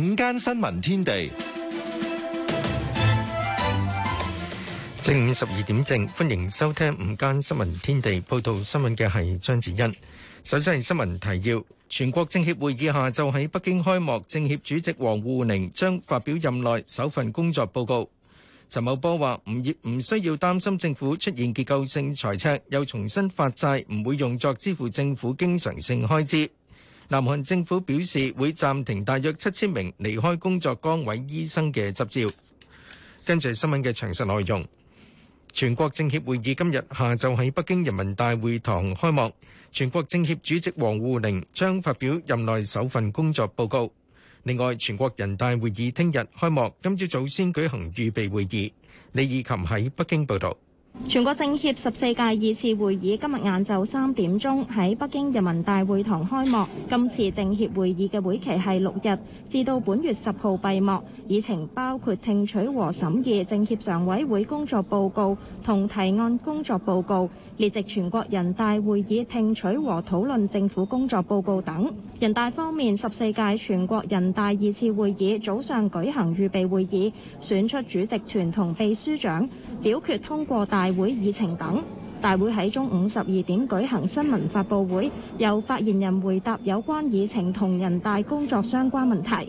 .午間新聞天地，正午十二點正，歡迎收聽午間新聞天地。報道新聞嘅係張子欣。首先係新聞提要：全國政協會議下晝喺北京開幕，政協主席王滬寧將發表任內首份工作報告。陳茂波話：唔業唔需要擔心政府出現結構性財赤，又重新發債唔會用作支付政府經常性開支。南韓政府表示會暫停大約七千名離開工作崗位醫生嘅執照。跟住新聞嘅詳實內容，全國政協會議今日下晝喺北京人民大會堂開幕，全國政協主席王滬寧將發表任內首份工作報告。另外，全國人大會議聽日開幕，今朝早先舉行預備會議。李以琴喺北京報道。全國政協十四屆二次會議今日晏晝三點鐘喺北京人民大會堂開幕。今次政協會議嘅會期係六日至到本月十號閉幕。議程包括聽取和審議政協常委會工作報告同提案工作報告，列席全國人大會議聽取和討論政府工作報告等。人大方面，十四屆全國人大二次會議早上舉行預備會議，選出主席團同秘書長。表決通過大會議程等，大會喺中午十二點舉行新聞發布會，由發言人回答有關議程同人大工作相關問題。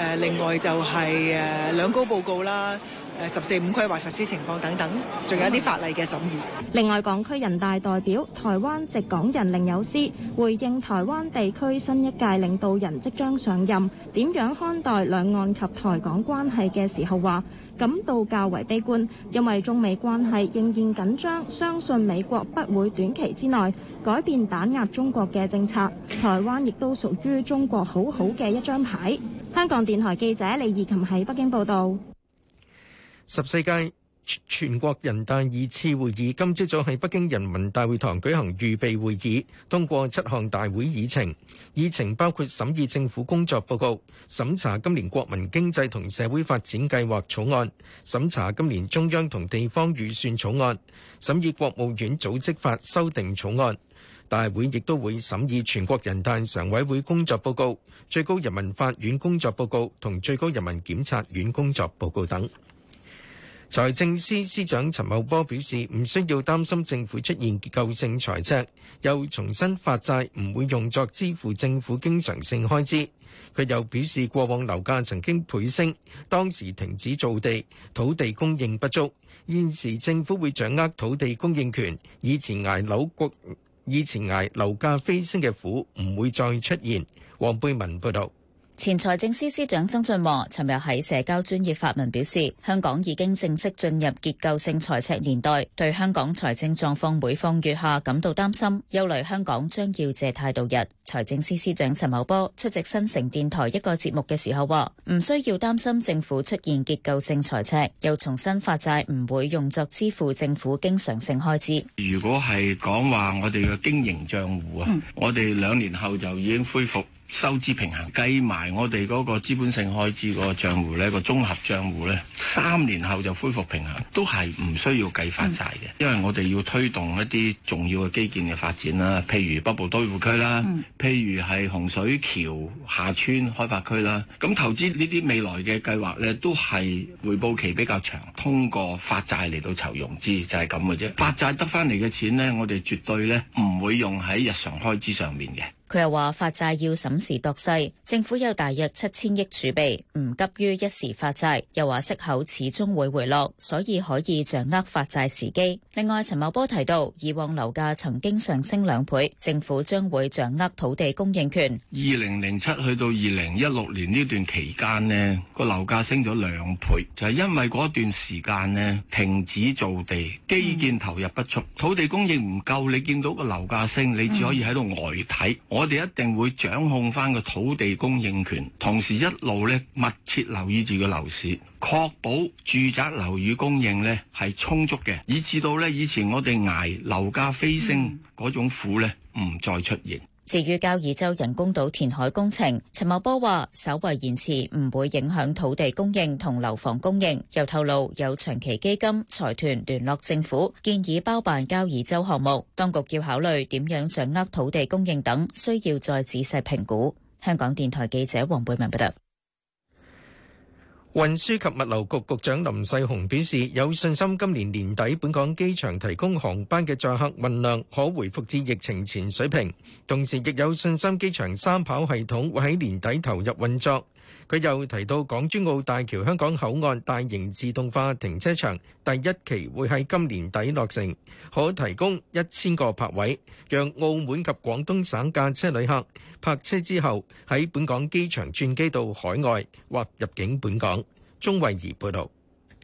誒，另外就係誒，兩高報告啦，誒十四五規劃實施情況等等，仲有一啲法例嘅審議。另外，港區人大代表台灣籍港人凌友詩回應台灣地區新一屆領導人即將上任，點樣看待兩岸及台港關係嘅時候，話感到較為悲觀，因為中美關係仍然緊張，相信美國不會短期之內改變打壓中國嘅政策。台灣亦都屬於中國好好嘅一張牌。香港電台記者李怡琴喺北京報道，十四屆全國人大二次會議今朝早喺北京人民大會堂舉行預備會議，通過七項大會議程，議程包括審議政府工作報告、審查今年國民經濟同社會發展計劃草案、審查今年中央同地方預算草案、審議國務院組織法修訂草案。大會亦都會審議全國人大常委會工作報告、最高人民法院工作報告同最高人民檢察院工作報告等。財政司司長陳茂波表示，唔需要擔心政府出現結構性財赤，又重申發債，唔會用作支付政府經常性開支。佢又表示，過往樓價曾經倍升，當時停止造地，土地供應不足。現時政府會掌握土地供應權，以前挨樓谷。以前挨樓價飛升嘅苦唔會再出現，黃貝文報道。前財政司司長曾俊華尋日喺社交專頁發文表示，香港已經正式進入結構性財赤年代，對香港財政狀況每況愈下感到擔心，憂慮香港將要借貸度日。財政司司長陳茂波出席新城電台一個節目嘅時候話：唔需要擔心政府出現結構性財赤，又重新發債唔會用作支付政府經常性開支。如果係講話我哋嘅經營帳戶啊，嗯、我哋兩年後就已經恢復。收支平衡，計埋我哋嗰個資本性開支嗰個賬戶咧，個綜合賬戶咧，三年後就恢復平衡，都係唔需要計發債嘅，嗯、因為我哋要推動一啲重要嘅基建嘅發展啦，譬如北部都會區啦，嗯、譬如係洪水橋下村開發區啦，咁投資呢啲未來嘅計劃咧，都係回報期比較長，通過發債嚟到籌融資就係咁嘅啫。發債得翻嚟嘅錢咧，我哋絕對咧唔會用喺日常開支上面嘅。佢又話發債要審時度勢，政府有大約七千億儲備，唔急於一時發債。又話息口始終會回落，所以可以掌握發債時機。另外，陳茂波提到，以往樓價曾經上升兩倍，政府將會掌握土地供應權。二零零七去到二零一六年呢段期間，呢個樓價升咗兩倍，就係因為嗰段時間咧停止造地，基建投入不足，嗯、土地供應唔夠。你見到個樓價升，你只可以喺度外睇我哋一定會掌控翻個土地供應權，同時一路咧密切留意住個樓市，確保住宅樓宇供應咧係充足嘅，以至到咧以前我哋挨樓價飛升嗰種苦咧唔再出現。至於交椅洲人工島填海工程，陳茂波話稍為延遲唔會影響土地供應同樓房供應。又透露有長期基金財團聯絡政府，建議包辦交椅洲項目。當局要考慮點樣掌握土地供應等，需要再仔細評估。香港電台記者黃貝文報道。運輸及物流局局長林世雄表示，有信心今年年底本港機場提供航班嘅載客運量可回復至疫情前水平，同時亦有信心機場三跑系統會喺年底投入運作。佢又提到港珠澳大橋香港口岸大型自動化停車場第一期會喺今年底落成，可提供一千個泊位，讓澳門及廣東省駕車旅客泊車之後喺本港機場轉機到海外或入境本港。鍾慧儀報道。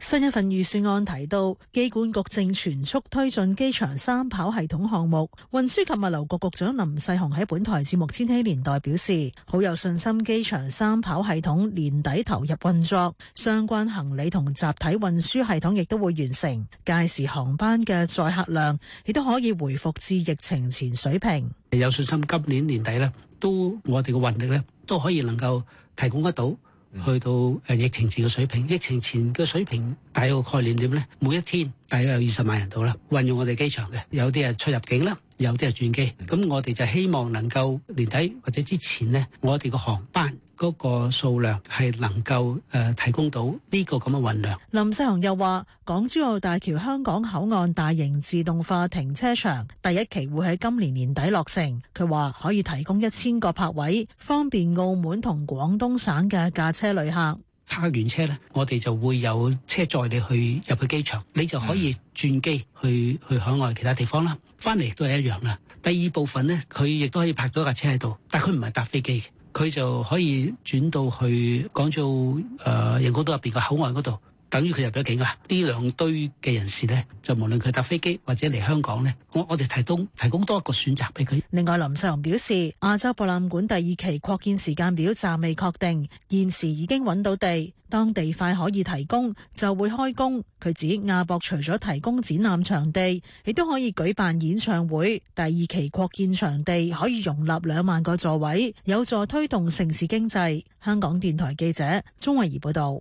新一份預算案提到，機管局正全速推進機場三跑系統項目。運輸及物流局局長林世雄喺本台節目《千禧年代》表示，好有信心機場三跑系統年底投入運作，相關行李同集體運輸系統亦都會完成，屆時航班嘅載客量亦都可以回復至疫情前水平。有信心今年年底呢，都我哋嘅運力呢，都可以能夠提供得到。去到疫情前嘅水平，疫情前嘅水平大概概念點咧？每一天大約有二十萬人到啦，運用我哋機場嘅，有啲係出入境啦，有啲係轉機，咁我哋就希望能夠年底或者之前咧，我哋嘅航班。嗰個數量係能夠誒提供到呢個咁嘅運量。林世雄又話：港珠澳大橋香港口岸大型自動化停車場第一期會喺今年年底落成。佢話可以提供一千個泊位，方便澳門同廣東省嘅駕車旅客。泊完車呢，我哋就會有車載你去入去機場，你就可以轉機去是去海外其他地方啦。翻嚟都係一樣啦。第二部分呢，佢亦都可以泊咗架車喺度，但佢唔係搭飛機嘅。佢就可以轉到去港珠澳誒人工島入邊嘅口岸嗰度。等於佢入咗境啦！呢兩堆嘅人士呢，就無論佢搭飛機或者嚟香港呢，我我哋提供提供多一個選擇俾佢。另外，林世雄表示，亞洲博覽館第二期擴建時間表暫未確定，現時已經揾到地，當地塊可以提供就會開工。佢指亞博除咗提供展覽場地，亦都可以舉辦演唱會。第二期擴建場地可以容納兩萬個座位，有助推動城市經濟。香港電台記者鍾慧儀報道。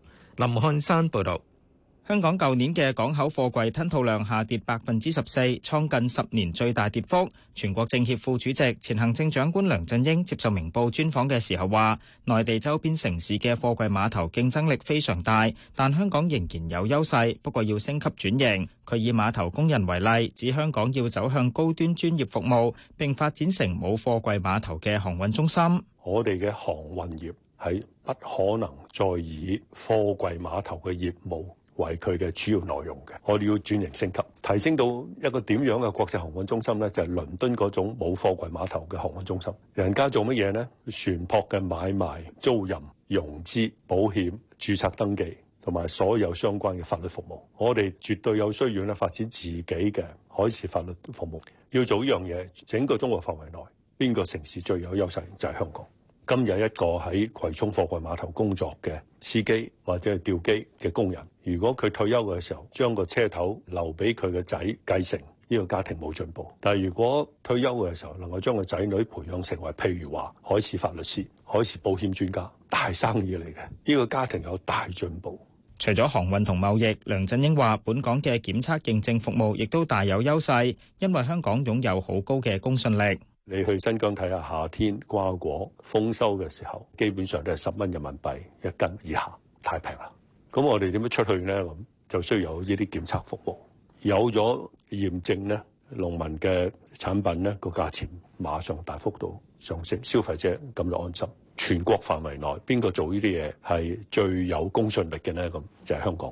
林漢山報道，香港舊年嘅港口貨櫃吞吐量下跌百分之十四，創近十年最大跌幅。全國政協副主席、前行政長官梁振英接受明報專訪嘅時候話，內地周邊城市嘅貨櫃碼頭競爭力非常大，但香港仍然有優勢，不過要升級轉型。佢以碼頭工人為例，指香港要走向高端專業服務，並發展成冇貨櫃碼頭嘅航運中心。我哋嘅航運業。係不可能再以貨櫃碼頭嘅業務為佢嘅主要內容嘅，我哋要轉型升級，提升到一個點樣嘅國際航運中心咧？就係倫敦嗰種冇貨櫃碼頭嘅航運中心，人家做乜嘢咧？船舶嘅買賣租賃融資保險註冊登記同埋所有相關嘅法律服務，我哋絕對有需要咧發展自己嘅海事法律服務。要做一樣嘢，整個中國範圍內邊個城市最有優勢就係香港。今日一個喺葵涌貨櫃碼頭工作嘅司機或者係吊機嘅工人，如果佢退休嘅時候將個車頭留俾佢嘅仔繼承，呢個家庭冇進步。但係如果退休嘅時候能夠將個仔女培養成為，譬如話海事法律師、海事保險專家，大生意嚟嘅，呢個家庭有大進步。除咗航運同貿易，梁振英話，本港嘅檢測認證服務亦都大有優勢，因為香港擁有好高嘅公信力。你去新疆睇下，夏天瓜果豐收嘅時候，基本上都係十蚊人民幣一斤以下，太平啦。咁我哋點樣出去咧？咁就需要有呢啲檢測服務，有咗驗證咧，農民嘅產品咧個價錢馬上大幅度上升，消費者咁就安心。全國範圍內邊個做呢啲嘢係最有公信力嘅呢？咁就係香港。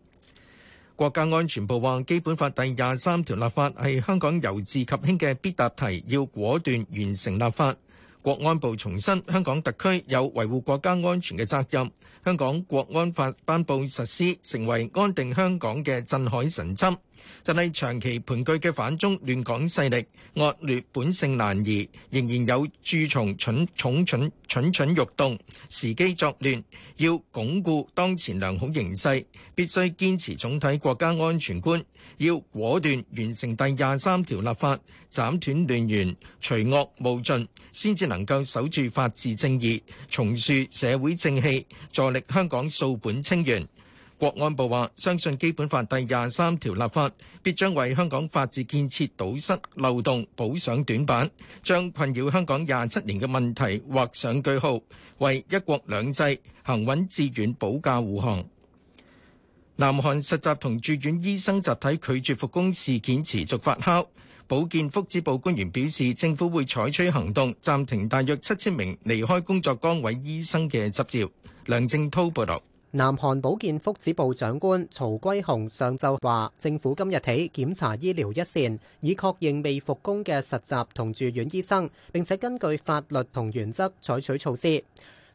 國家安全部話：基本法第廿三條立法係香港由治及興嘅必答題，要果斷完成立法。國安部重申，香港特區有維護國家安全嘅責任。香港國安法頒布實施，成為安定香港嘅鎮海神針。就係長期盤踞嘅反中亂港勢力，惡劣本性難移，仍然有蛀蟲蠢重蠢蠢蠢欲動，伺機作亂。要鞏固當前良好形勢，必須堅持總體國家安全觀，要果斷完成第廿三條立法，斬斷亂源，除惡務盡，先至能夠守住法治正義，重樹社會正氣，助力香港掃本清源。國安部話：相信基本法第廿三條立法，必將為香港法治建設堵塞漏洞、補上短板，將困擾香港廿七年嘅問題畫上句號，為一國兩制行穩致遠保駕護航。南韓實習同住院醫生集體拒絕復工事件持續發酵，保健福祉部官員表示，政府會採取行動，暫停大約七千名離開工作崗位醫生嘅執照。梁正滔報道。南韓保健福祉部長官曹圭雄上晝話，政府今日起檢查醫療一線，以確認未復工嘅實習同住院醫生，並且根據法律同原則採取措施。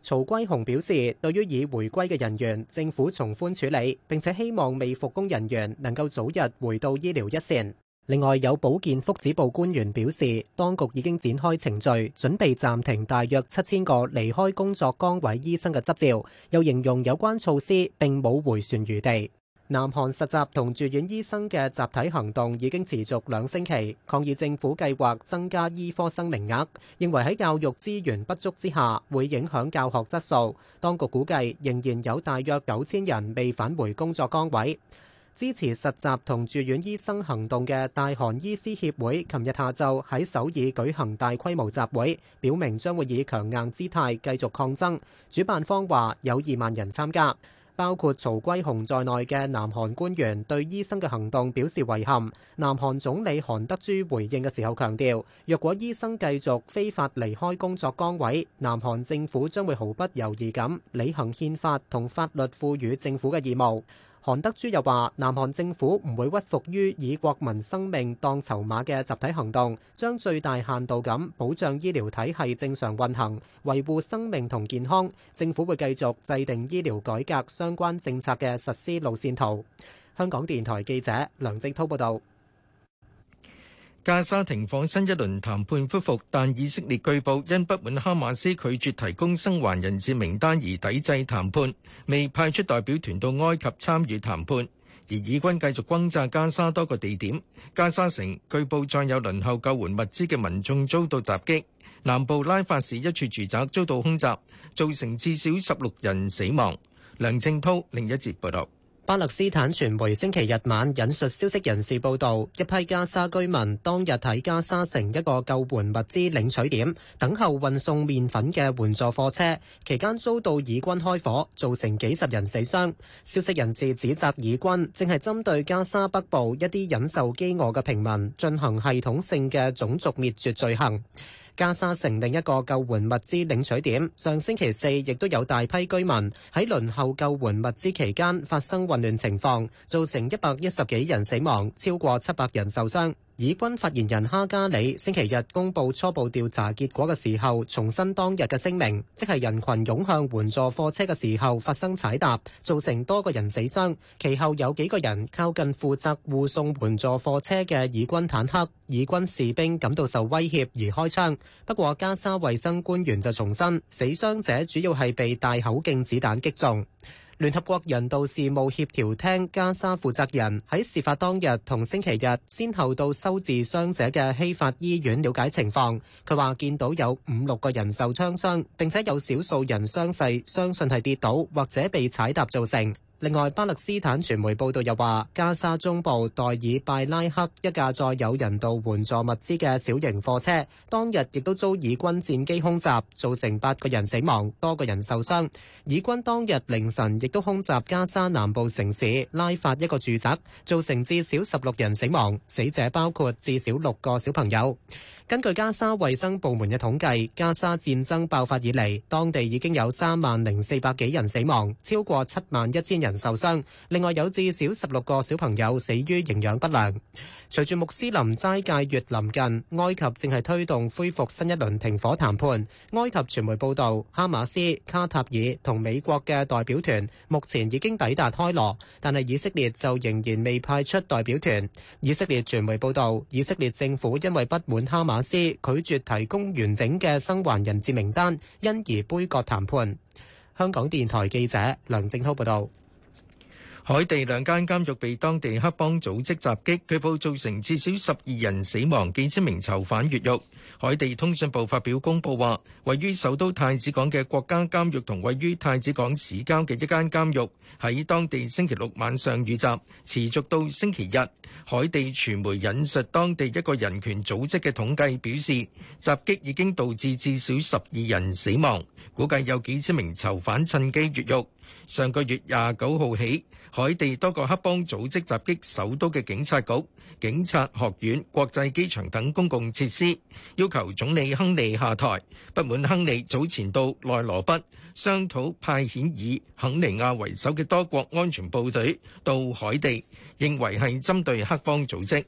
曹圭雄表示，對於已回歸嘅人員，政府從寬處理，並且希望未復工人員能夠早日回到醫療一線。另外，有保健福祉部官員表示，當局已經展開程序，準備暫停大約七千個離開工作崗位醫生嘅執照，又形容有關措施並冇回旋餘地。南韓實習同住院醫生嘅集體行動已經持續兩星期，抗議政府計劃增加醫科生名額，認為喺教育資源不足之下，會影響教學質素。當局估計仍然有大約九千人未返回工作崗位。支持實習同住院醫生行動嘅大韓醫師協會，琴日下晝喺首爾舉行大規模集會，表明將會以強硬姿態繼續抗爭。主辦方話有二萬人參加，包括曹圭雄在內嘅南韓官員對醫生嘅行動表示遺憾。南韓總理韓德珠回應嘅時候強調，若果醫生繼續非法離開工作崗位，南韓政府將會毫不猶豫咁履行憲法同法律賦予政府嘅義務。韓德珠又話：南韓政府唔會屈服於以國民生命當籌碼嘅集體行動，將最大限度咁保障醫療體系正常運行，維護生命同健康。政府會繼續制定醫療改革相關政策嘅實施路線圖。香港電台記者梁正滔報導。加沙停火新一輪談判恢復，但以色列據報因不滿哈馬斯拒絕提供生還人質名單而抵制談判，未派出代表團到埃及參與談判。而以軍繼續轟炸加沙多個地點，加沙城據報再有輪候救援物資嘅民眾遭到襲擊，南部拉法市一處住宅遭到空襲，造成至少十六人死亡。梁正濤，另一節報道。巴勒斯坦傳媒星期日晚引述消息人士報道，一批加沙居民當日喺加沙城一個救援物資領取點等候運送麵粉嘅援助貨車，期間遭到以軍開火，造成幾十人死傷。消息人士指責以軍正係針對加沙北部一啲忍受饑餓嘅平民進行系統性嘅種族滅絕罪行。加沙城另一個救援物資領取點，上星期四亦都有大批居民喺輪候救援物資期間發生混亂情況，造成一百一十幾人死亡，超過七百人受傷。以軍發言人哈加里星期日公布初步調查結果嘅時候，重申當日嘅聲明，即係人群湧向援助貨車嘅時候發生踩踏，造成多個人死傷。其後有幾個人靠近負責護送援助貨車嘅以軍坦克，以軍士兵感到受威脅而開槍。不過加沙衛生官員就重申，死傷者主要係被大口徑子彈擊中。聯合國人道事務協調廳加沙負責人喺事發當日同星期日，先後到收治傷者嘅希法醫院了解情況。佢話見到有五六個人受槍傷，並且有少數人傷勢相信係跌倒或者被踩踏造成。另外，巴勒斯坦傳媒報道又話，加沙中部代爾拜拉克一架載有人道援助物資嘅小型貨車，當日亦都遭以軍戰機空襲，造成八個人死亡，多個人受傷。以軍當日凌晨亦都空襲加沙南部城市拉法一個住宅，造成至少十六人死亡，死者包括至少六個小朋友。根據加沙衛生部門嘅統計，加沙戰爭爆發以嚟，當地已經有三萬零四百幾人死亡，超過七萬一千人受傷，另外有至少十六個小朋友死於營養不良。隨住穆斯林齋戒月臨近，埃及正係推動恢復新一輪停火談判。埃及傳媒報導，哈馬斯、卡塔爾同美國嘅代表團目前已經抵達開羅，但係以色列就仍然未派出代表團。以色列傳媒報導，以色列政府因為不滿哈馬斯拒絕提供完整嘅生還人質名單，因而杯葛談判。香港電台記者梁正滔報導。海地兩間監獄被當地黑幫組織襲擊，據報造成至少十二人死亡，幾千名囚犯越獄。海地通訊部發表公布話，位於首都太子港嘅國家監獄同位於太子港市郊嘅一間監獄喺當地星期六晚上遇襲，持續到星期日。海地傳媒引述當地一個人權組織嘅統計表示，襲擊已經導致至少十二人死亡，估計有幾千名囚犯趁機越獄。上個月廿九號起，海地多個黑幫組織襲擊首都嘅警察局、警察學院、國際機場等公共設施，要求總理亨利下台。不滿亨利早前到內羅畢商討派遣以肯尼亞為首嘅多國安全部隊到海地，認為係針對黑幫組織。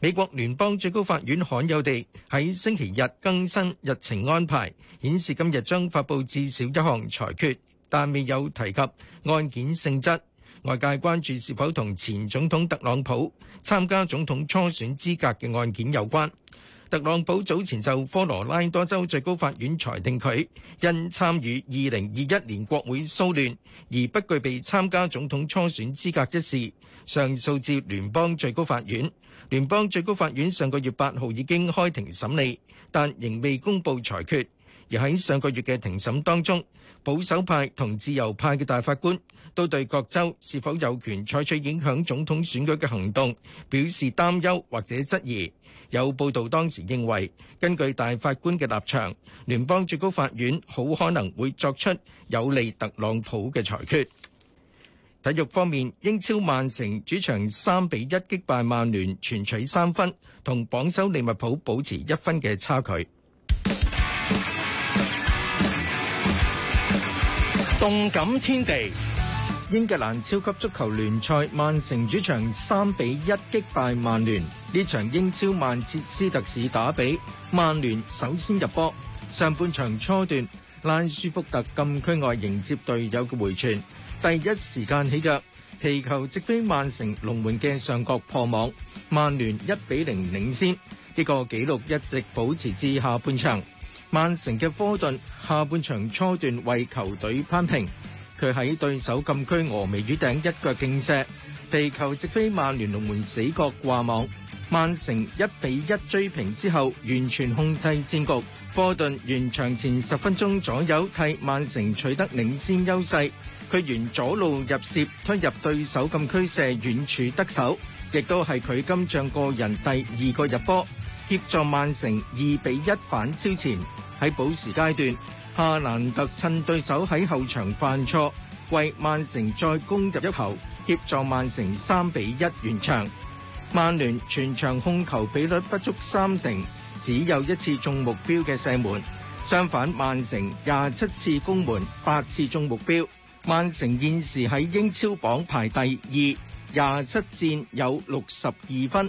美國聯邦最高法院罕有地喺星期日更新日程安排，顯示今日將發佈至少一項裁決，但未有提及案件性質。外界關注是否同前總統特朗普參加總統初選資格嘅案件有關。特朗普早前就科羅拉多州最高法院裁定佢因參與二零二一年國會騷亂而不具備參加總統初選資格一事，上訴至聯邦最高法院。聯邦最高法院上個月八號已經開庭審理，但仍未公布裁決。而喺上個月嘅庭審當中，保守派同自由派嘅大法官都對各州是否有權採取影響總統選舉嘅行動表示擔憂或者質疑。有報道當時認為，根據大法官嘅立場，聯邦最高法院好可能會作出有利特朗普嘅裁決。體育方面，英超曼城主場三比一擊敗曼聯，全取三分，同榜首利物浦保持一分嘅差距。動感天地，英格蘭超級足球聯賽，曼城主場三比一擊敗曼聯。呢場英超曼徹斯特市打比，曼聯首先入波。上半場初段，拉舒福特禁區外迎接隊友嘅回傳，第一時間起腳，皮球直飛曼城龍門嘅上角破網，曼聯一比零領先。呢、這個紀錄一直保持至下半場。曼城嘅科頓下半場初段為球隊扳平，佢喺對手禁區鵝眉月頂一腳勁射，皮球直飛曼聯龍門死角掛網，曼城一比一追平之後完全控制戰局。科頓完場前十分鐘左右替曼城取得領先優勢，佢沿左路入楔推入對手禁區射遠柱得手，亦都係佢今仗個人第二個入波，協助曼城二比一反超前，喺補時階段，夏蘭特趁對手喺後場犯錯，為曼城再攻入一球，協助曼城三比一完場。曼聯全場控球比率不足三成，只有一次中目標嘅射門。相反，曼城廿七次攻門，八次中目標。曼城現時喺英超榜排第二，廿七戰有六十二分。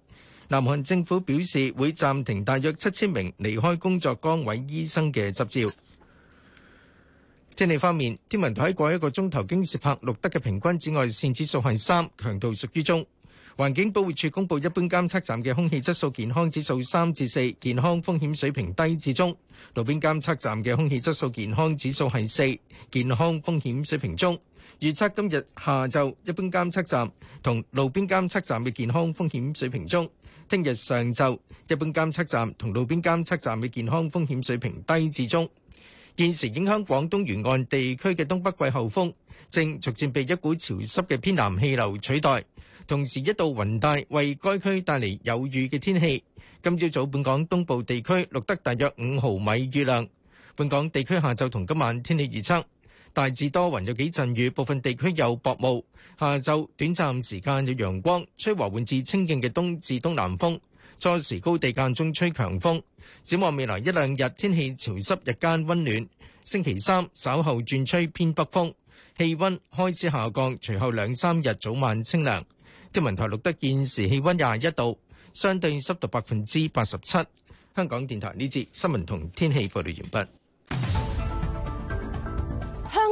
南韓政府表示會暫停大約七千名離開工作崗位醫生嘅執照。天氣方面，天文台喺過一個鐘頭經京士柏錄得嘅平均紫外線指數係三，強度屬於中。環境保護署公布一般監測站嘅空氣質素健康指數三至四，健康風險水平低至中。路邊監測站嘅空氣質素健康指數係四，健康風險水平中。預測今日下晝一般監測站同路邊監測站嘅健康風險水平中。聽日上晝，一般監測站同路邊監測站嘅健康風險水平低至中。現時影響廣東沿岸地區嘅東北季候風，正逐漸被一股潮濕嘅偏南氣流取代，同時一道雲帶為該區帶嚟有雨嘅天氣。今朝早，早本港東部地區錄得大約五毫米雨量。本港地區下晝同今晚天氣預測。大致多雲有幾陣雨，部分地區有薄霧。下晝短暫時間有陽光，吹和緩至清勁嘅東至東南風。初時高地間中吹強風。展望未來一兩日天氣潮濕，日間溫暖。星期三稍後轉吹偏北風，氣温開始下降。隨後兩三日早晚清涼。天文台錄得現時氣温廿一度，相對濕度百分之八十七。香港電台呢節新聞同天氣報道完畢。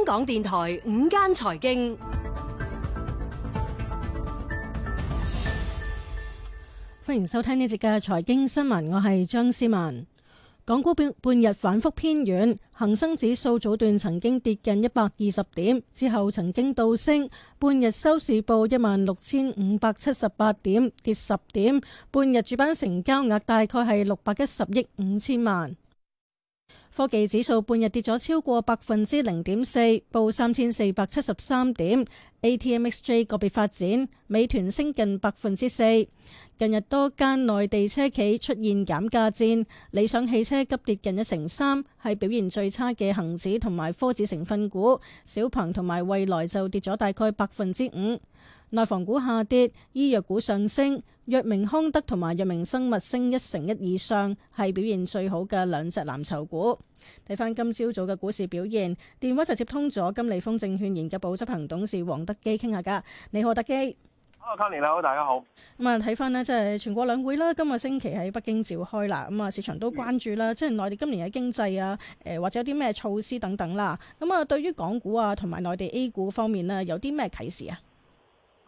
香港電台五間財經，歡迎收聽呢節嘅財經新聞。我係張思文。港股半半日反復偏軟，恒生指數早段曾經跌近一百二十點，之後曾經倒升，半日收市報一萬六千五百七十八點，跌十點。半日主板成交額大概係六百一十億五千萬。科技指數半日跌咗超過百分之零點四，報三千四百七十三點。ATMXJ 個別發展，美團升近百分之四。近日多間內地車企出現減價戰，理想汽車急跌近一成三，係表現最差嘅恒指同埋科指成分股。小鵬同埋蔚來就跌咗大概百分之五。內房股下跌，醫藥股上升。藥明康德同埋藥明生物升一成一以上，係表現最好嘅兩隻藍籌股。睇翻今朝早嘅股市表現，電話就接通咗金利豐證券研究部執行董事黃德基傾下噶。你好，德基，Hello Tony，大家好。咁啊，睇翻呢，即係全國兩會啦，今個星期喺北京召開啦。咁啊，市場都關注啦，mm. 即係內地今年嘅經濟啊，誒或者有啲咩措施等等啦。咁啊，對於港股啊同埋內地 A 股方面咧，有啲咩啟示啊？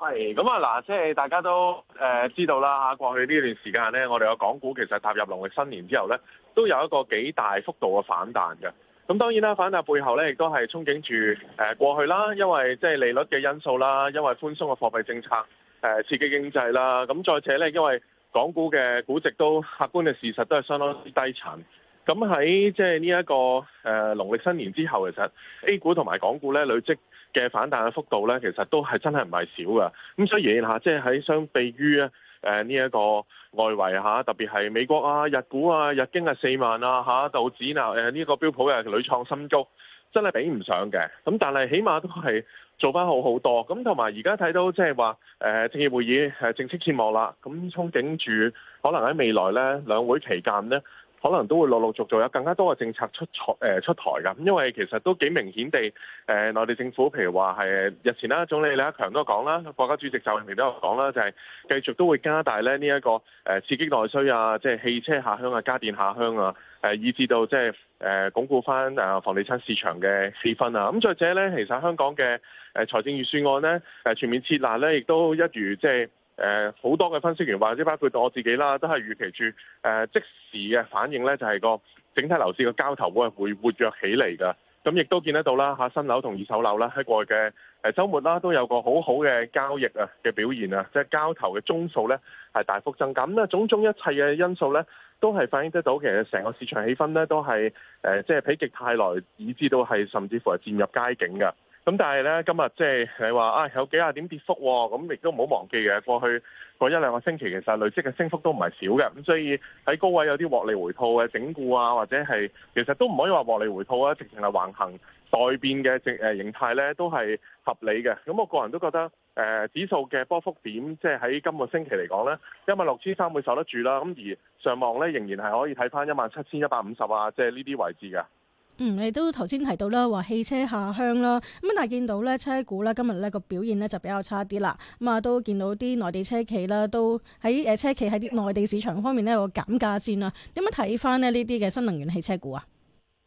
係咁啊！嗱、嗯，即係大家都誒、呃、知道啦嚇，過去呢段時間呢，我哋嘅港股其實踏入農曆新年之後呢，都有一個幾大幅度嘅反彈嘅。咁當然啦，反彈背後呢，亦都係憧憬住誒、呃、過去啦，因為即係利率嘅因素啦，因為寬鬆嘅貨幣政策誒、呃、刺激經濟啦。咁再者呢，因為港股嘅估值都客觀嘅事實都係相當之低層。咁喺即係呢一個誒、呃、農曆新年之後，其實 A 股同埋港股呢累積嘅反彈嘅幅度呢，其實都係真係唔係少㗎。咁所以嚇，即係喺相比於咧，呢一個外圍嚇，特別係美國啊、日股啊、日經啊四萬啊嚇，道指嗱誒呢個標普又係屢創新高，真係比唔上嘅。咁但係起碼都係做翻好好多。咁同埋而家睇到即係話誒，政協會議係正式揭幕啦。咁憧憬住可能喺未來呢兩會期間呢。可能都會陸陸續續有更加多嘅政策出台誒、呃、出台㗎，咁因為其實都幾明顯地誒、呃、內地政府，譬如話係日前啦，總理李克強都講啦，國家主席習近平都有講啦，就係、是、繼續都會加大咧呢一、這個誒刺激內需啊，即係汽車下鄉啊、家電下鄉啊，誒以至到即係誒鞏固翻啊房地產市場嘅氣氛啊。咁再者咧，其實香港嘅誒財政預算案咧，誒全面設立咧，亦都一如即係。就是誒好、呃、多嘅分析員或者包括我自己啦，都係預期住誒、呃、即時嘅反應咧，就係、是、個整體樓市嘅交投會會活躍起嚟㗎。咁亦都見得到啦嚇，新樓同二手樓啦喺過去嘅誒週末啦，都有個好好嘅交易啊嘅表現啊，即係交投嘅宗數咧係大幅增加。咁啊，種種一切嘅因素咧，都係反映得到其實成個市場氣氛咧都係誒、呃、即係否極泰來，以致到係甚至乎係漸入佳境㗎。咁但係咧，今日即係你話啊，有幾廿點跌幅，哦，咁、嗯、亦都唔好忘記嘅。過去嗰一兩個星期，其實累積嘅升幅都唔係少嘅。咁所以喺高位有啲獲利回吐嘅整固啊，或者係其實都唔可以話獲利回吐啊，直情係橫行待變嘅整誒形態咧，都係合理嘅。咁我個人都覺得誒、呃、指數嘅波幅點，即係喺今個星期嚟講咧，一萬六千三會守得住啦。咁而上望咧，仍然係可以睇返一萬七千一百五十啊，即係呢啲位置嘅。嗯，你都頭先提到啦，話汽車下鄉啦，咁但係見到咧車股啦，今日咧個表現咧就比較差啲啦，咁啊都見到啲內地車企啦，都喺誒車企喺啲內地市場方面咧有個減價戰啦，點樣睇翻，咧呢啲嘅新能源汽車股啊？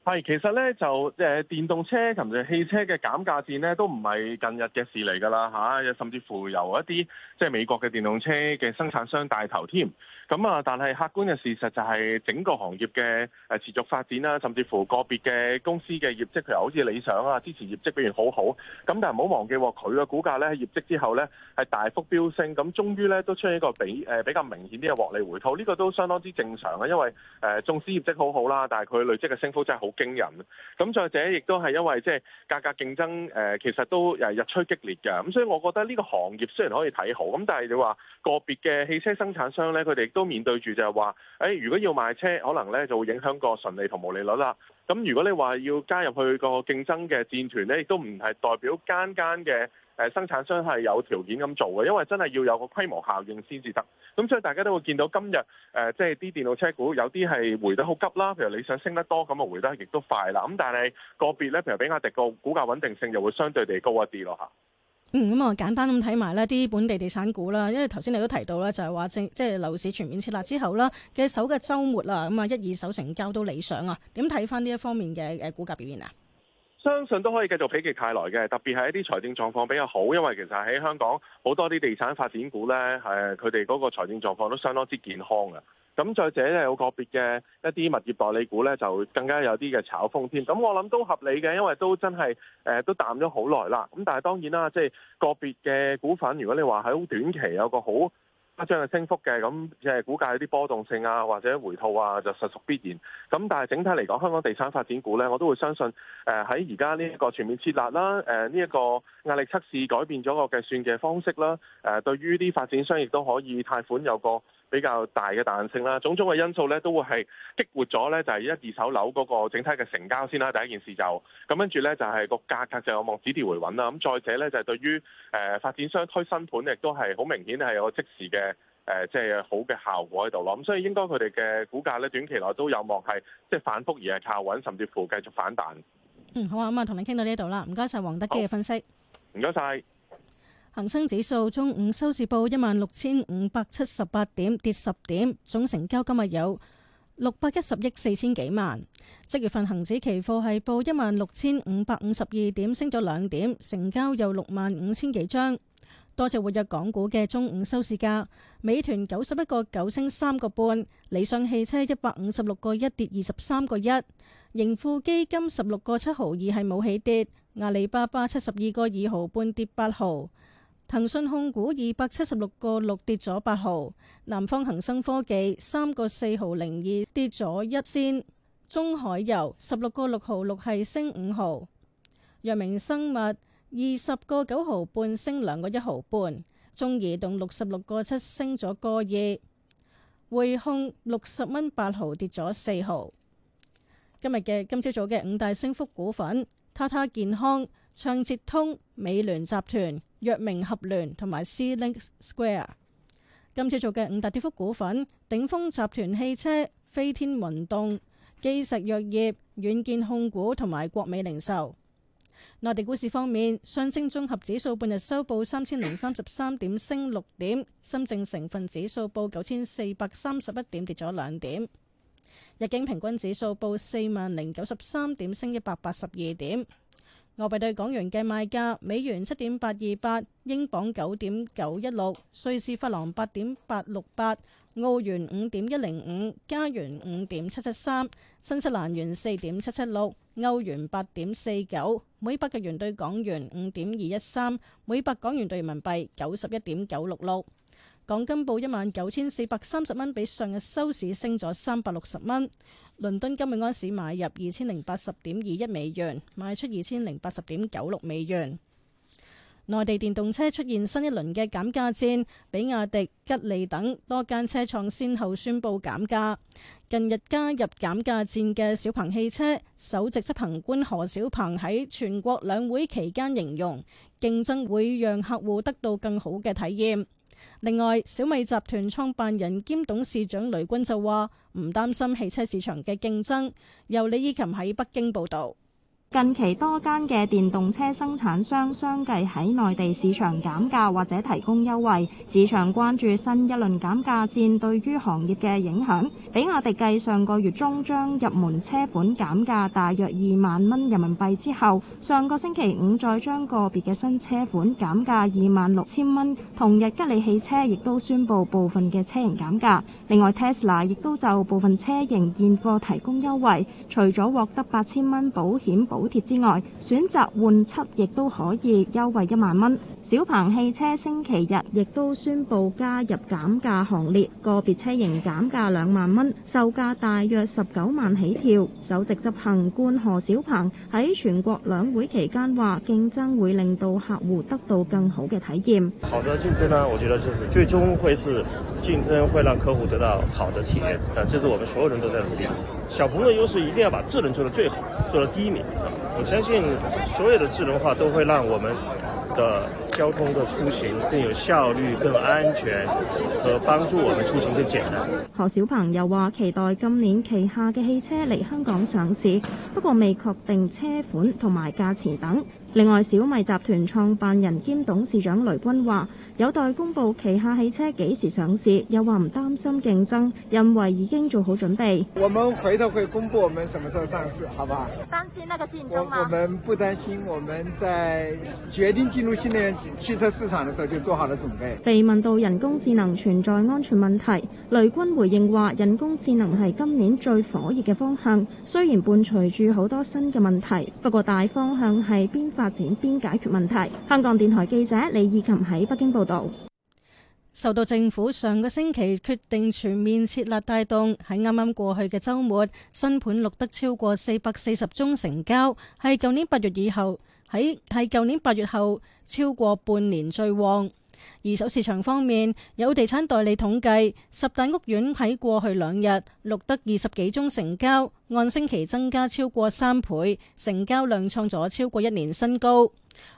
係，其實咧就誒、呃、電動車同埋汽車嘅減價戰咧都唔係近日嘅事嚟㗎啦吓，甚至乎由一啲即係美國嘅電動車嘅生產商帶頭添。咁啊，但係客觀嘅事實就係整個行業嘅誒持續發展啦，甚至乎個別嘅公司嘅業績譬如好似理想啊，之前業績比如好好，咁但係唔好忘記，佢嘅股價咧喺業績之後咧係大幅飆升，咁終於咧都出現一個比誒比較明顯啲嘅獲利回吐，呢個都相當之正常啊，因為誒縱使業績好好啦，但係佢累積嘅升幅真係好驚人。咁再者亦都係因為即係價格競爭誒其實都誒日趨激烈嘅，咁所以我覺得呢個行業雖然可以睇好，咁但係你話個別嘅汽車生產商咧，佢哋都面對住就係話，誒、哎、如果要賣車，可能咧就會影響個純利同毛利率啦。咁如果你話要加入去個競爭嘅戰團咧，亦都唔係代表間間嘅誒生產商係有條件咁做嘅，因為真係要有個規模效應先至得。咁所以大家都會見到今日誒，即係啲電腦車股有啲係回得好急啦。譬如你想升得多，咁啊回得亦都快啦。咁但係個別咧，譬如比亞迪個股價穩定性就會相對地高一啲咯嚇。嗯，咁啊，簡單咁睇埋呢啲本地地產股啦，因為頭先你都提到啦，就係話正即係樓市全面設立之後啦，嘅首個週末啦，咁啊，一二手成交都理想啊，點睇翻呢一方面嘅誒股價表現啊？相信都可以繼續否極泰來嘅，特別係一啲財政狀況比較好，因為其實喺香港好多啲地產發展股咧，誒，佢哋嗰個財政狀況都相當之健康啊。咁再者咧，有個別嘅一啲物業代理股咧，就更加有啲嘅炒風添。咁我諗都合理嘅，因為都真係誒、呃、都淡咗好耐啦。咁但係當然啦，即係個別嘅股份，如果你話喺短期有個好誇張嘅升幅嘅，咁即係股價有啲波動性啊，或者回吐啊，就實屬必然。咁但係整體嚟講，香港地產發展股咧，我都會相信誒喺而家呢一個全面設立啦，誒呢一個壓力測試改變咗個計算嘅方式啦，誒、呃、對於啲發展商亦都可以貸款有個，比較大嘅彈性啦，種種嘅因素咧都會係激活咗咧，就係一二手樓嗰個整體嘅成交先啦。第一件事就咁跟住咧，就係個價格就有望止跌回穩啦。咁再者咧，就係對於誒發展商推新盤，亦都係好明顯係有個即時嘅誒，即係好嘅效果喺度咯。咁所以應該佢哋嘅股價咧，短期內都有望係即係反覆而係靠穩，甚至乎繼續反彈。嗯，好啊，咁啊，同你傾到呢度啦。唔該晒黃德基嘅分析。唔該晒。謝謝。恒生指數中午收市報一萬六千五百七十八點，跌十點。總成交今日有六百一十億四千幾萬。即月份恒指期貨係報一萬六千五百五十二點，升咗兩點，成交有六萬五千幾張。多隻活躍港股嘅中午收市價：美團九十一個九升三個半，5，理想汽車一百五十六個一跌二十三個一，盈富基金十六個七毫二係冇起跌，阿里巴巴七十二個二毫半跌八毫。騰訊控股二百七十六個六跌咗八毫，南方恒生科技三個四毫零二跌咗一仙，中海油十六個六毫六係升五毫，藥明生物二十個九毫半升兩個一毫半，中移動六十六個七升咗個二，匯控六十蚊八毫跌咗四毫。今日嘅今朝早嘅五大升幅股份：塔塔健康、暢捷通、美聯集團。藥明合聯同埋 C-Link Square，今次做嘅五大跌幅股份：頂峰集團、汽車、飛天雲動、基石藥業、軟件控股同埋國美零售。內地股市方面，上證綜合指數半日收報三千零三十三點，升六點；深證成分指數報九千四百三十一點，跌咗兩點；日經平均指數報四萬零九十三點，升一百八十二點。外幣對港元嘅賣價：美元七點八二八，英鎊九點九一六，瑞士法郎八點八六八，澳元五點一零五，加元五點七七三，新西蘭元四點七七六，歐元八點四九。每百日元對港元五點二一三，每百港元對人民幣九十一點九六六。港金報一萬九千四百三十蚊，比上日收市升咗三百六十蚊。倫敦金每安士買入二千零八十點二一美元，賣出二千零八十點九六美元。內地電動車出現新一輪嘅減價戰，比亞迪、吉利等多間車廠先後宣佈減價。近日加入減價戰嘅小鵬汽車首席執行官何小鵬喺全國兩會期間形容，競爭會讓客戶得到更好嘅體驗。另外，小米集團創辦人兼董事長雷軍就話，唔擔心汽車市場嘅競爭。由李以琴喺北京報導。近期多間嘅電動車生產商相繼喺內地市場減價或者提供優惠，市場關注新一輪減價戰對於行業嘅影響。比亞迪繼上個月中將入門車款減價大約二萬蚊人民幣之後，上個星期五再將個別嘅新車款減價二萬六千蚊。同日，吉利汽車亦都宣布部分嘅車型減價。另外，Tesla 亦都就部分車型現貨提供優惠，除咗獲得八千蚊保險。補貼之外，選擇換七亦都可以優惠一萬蚊。小鵬汽車星期日亦都宣布加入減價行列，個別車型減價兩萬蚊，售價大約十九萬起跳。首席執行官何小鵬喺全國兩會期間話：競爭會令到客戶得到更好嘅體驗。好的競爭呢、啊，我覺得就是最終會是競爭會讓客戶得到好的體驗。但這是我們所有人都在努力。小鵬嘅優勢一定要把智能做到最好，做到第一名。我相信所有的智能化都會讓我們的交通的出行更有效率、更安全，和幫助我們出行更簡單。何小鵬又話：期待今年旗下嘅汽車嚟香港上市，不過未確定車款同埋價錢等。另外，小米集團創辦人兼董事長雷軍話：有待公布旗下汽車幾時上市，又話唔擔心競爭，認為已經做好準備。我們回頭會公布我們什麼時候上市，好唔好？擔心那個競爭嗎，我？我們不擔心，我們在決定進入新能源汽車市場的時候就做好了準備。被問到人工智能存在安全問題，雷軍回應話：人工智能係今年最火熱嘅方向，雖然伴隨住好多新嘅問題，不過大方向係邊發？發展邊解決問題？香港電台記者李意琴喺北京報道。受到政府上個星期決定全面設立帶動，喺啱啱過去嘅周末，新盤錄得超過四百四十宗成交，係舊年八月以後，喺，係舊年八月後超過半年最旺。二手市場方面，有地產代理統計，十大屋苑喺過去兩日錄得二十幾宗成交，按星期增加超過三倍，成交量創咗超過一年新高。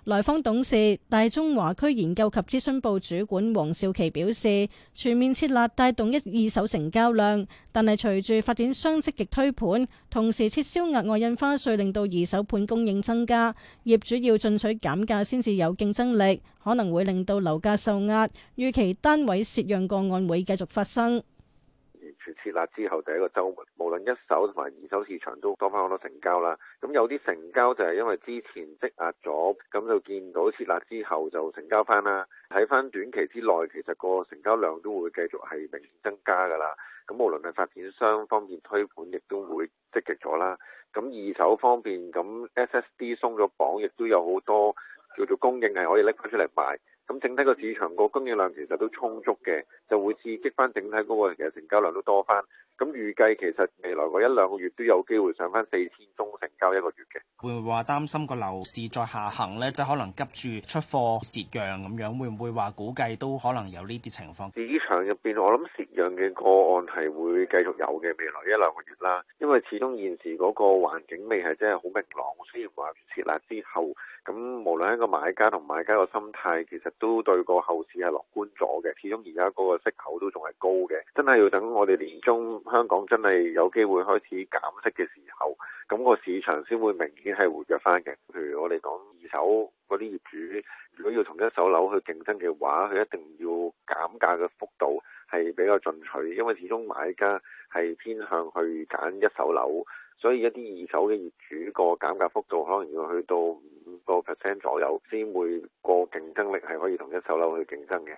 萊坊董事、大中華區研究及諮詢部主管黃少琪表示：全面設立帶動一二手成交量，但係隨住發展商積極推盤，同時撤銷額外印花稅，令到二手盤供應增加，業主要進取減價先至有競爭力，可能會令到樓價受壓，預期單位蝕讓個案會繼續發生。設立之後第一個週末，無論一手同埋二手市場都多翻好多成交啦。咁有啲成交就係因為之前積壓咗，咁就見到設立之後就成交翻啦。睇翻短期之內，其實個成交量都會繼續係明顯增加㗎啦。咁無論係發展商方面推盤，亦都會積極咗啦。咁二手方面，咁 SSD 鬆咗綁，亦都有好多叫做供應係可以拎翻出嚟賣。咁整體個市場個供應量其實都充足嘅，就會刺激翻整體嗰個人其實成交量都多翻。咁預計其實未來個一兩個月都有機會上翻四千宗成交一個月嘅。會唔會話擔心個樓市再下行呢？就可能急住出貨蝕讓咁樣，會唔會話估計都可能有呢啲情況？市場入邊，我諗蝕讓嘅個案係會繼續有嘅，未來一兩個月啦。因為始終現時嗰個環境未係真係好明朗，雖然話完設立之後，咁無論一個買家同賣家個心態，其實。都對個後市係樂觀咗嘅，始終而家嗰個息口都仲係高嘅，真係要等我哋年中香港真係有機會開始減息嘅時候，咁個市場先會明顯係活躍翻嘅。譬如我哋講二手嗰啲業主，如果要同一手樓去競爭嘅話，佢一定要減價嘅幅度係比較進取，因為始終買家係偏向去揀一手樓。所以一啲二手嘅業主個減價幅度可能要去到五個 percent 左右，先會個競爭力係可以同一手樓去競爭嘅。